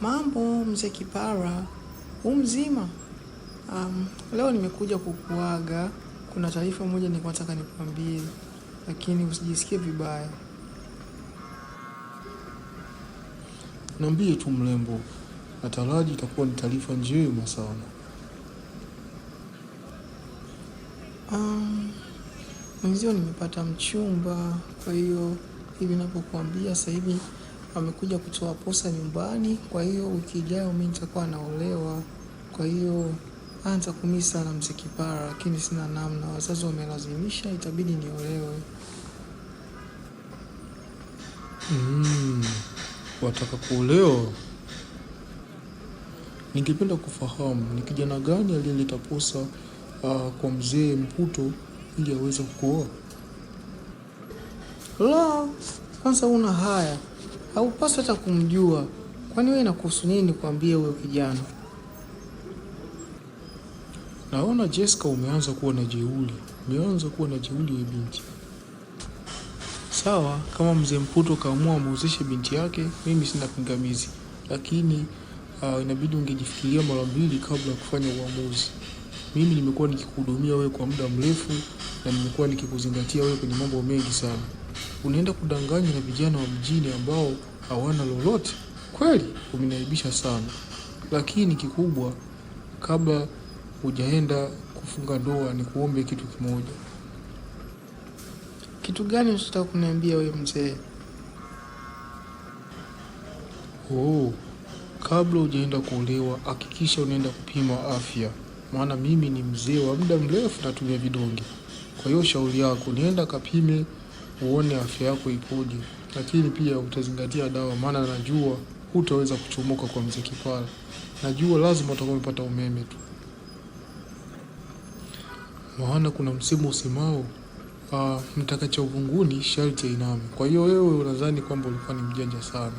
Mambo mzee Kipara, u mzima? Um, leo nimekuja kukuaga. Kuna taarifa moja nilikuwa nataka nikwambie, lakini usijisikie vibaya. Niambie tu mrembo, nataraji itakuwa ni taarifa njema sana. Um, mwenzio nimepata mchumba, kwa hiyo hivi ninapokuambia sasa hivi amekuja kutoa posa nyumbani. Kwa hiyo wiki ijayo mimi nitakuwa naolewa, kwa hiyo anza nitakumisi sana Mzee Kipara, lakini sina namna, wazazi wamelazimisha, itabidi niolewe. Mm, wataka kuolewa? Ningependa kufahamu ni kijana gani aliyeleta posa uh, kwa mzee Mputo ili aweze kuoa. La, kwanza una haya haupaswi hata kumjua. Kwani wewe inakuhusu nini nikwambie huyo kijana? Naona Jessica, umeanza kuwa na jeuli, umeanza kuwa na jeuli ya binti. Sawa, kama mzee Mputo kaamua amuuzishe binti yake, mimi sina pingamizi, lakini uh, inabidi ungejifikiria mara mbili kabla ya kufanya uamuzi. Mimi nimekuwa nikikuhudumia wewe kwa muda mrefu na nimekuwa nikikuzingatia wewe kwenye mambo mengi sana unaenda kudanganywa na vijana wa mjini ambao hawana lolote. Kweli umenaibisha sana, lakini kikubwa, kabla hujaenda kufunga ndoa, ni kuombe kitu kimoja. Kitu gani unataka kuniambia wewe mzee? Oh, kabla hujaenda kuolewa, hakikisha unaenda kupima afya, maana mimi ni mzee wa muda mrefu, natumia vidonge. Kwa hiyo shauri yako, nienda kapime uone afya yako ikoje, lakini pia utazingatia dawa, maana najua hutaweza kuchomoka kwa mzee Kipala, najua lazima utakuwa umepata umeme tu, maana kuna msimu usemao Uh, ah, mtakacha uvunguni sharti ainame. Kwa hiyo wewe unadhani kwamba ulikuwa ni mjanja sana,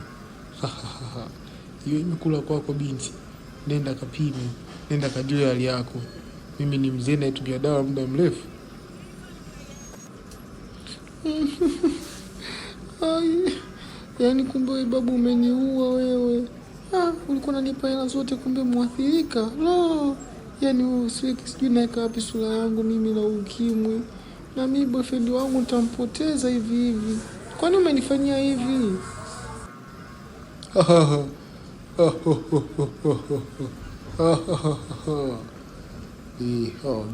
hiyo imekula kwako binti. Nenda kapime, nenda kajue hali yako. Mimi ni mzee nayetumia dawa muda mrefu. Ai, yaani kumbe babu umeniua wewe. Ah, ulikuwa unanipa hela zote kumbe mwathirika. No. Yaani wewe siweki sijui naweka wapi sura yangu mimi na ukimwi. Na mimi boyfriend wangu nitampoteza hivi hivi. nini umenifanyia hivi?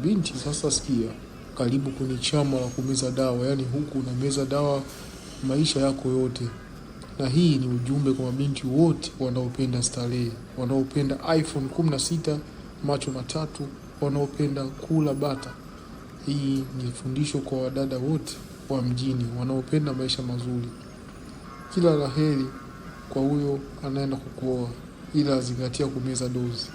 Binti sasa sikia karibu kwenye chama la kumeza dawa, yaani huku unameza dawa maisha yako yote. Na hii ni ujumbe kwa mabinti wote wanaopenda starehe, wanaopenda iPhone 16 macho matatu, wanaopenda kula bata. Hii ni fundisho kwa wadada wote wa mjini wanaopenda maisha mazuri. Kila la heri kwa huyo anaenda kukuoa, ila azingatia kumeza dozi.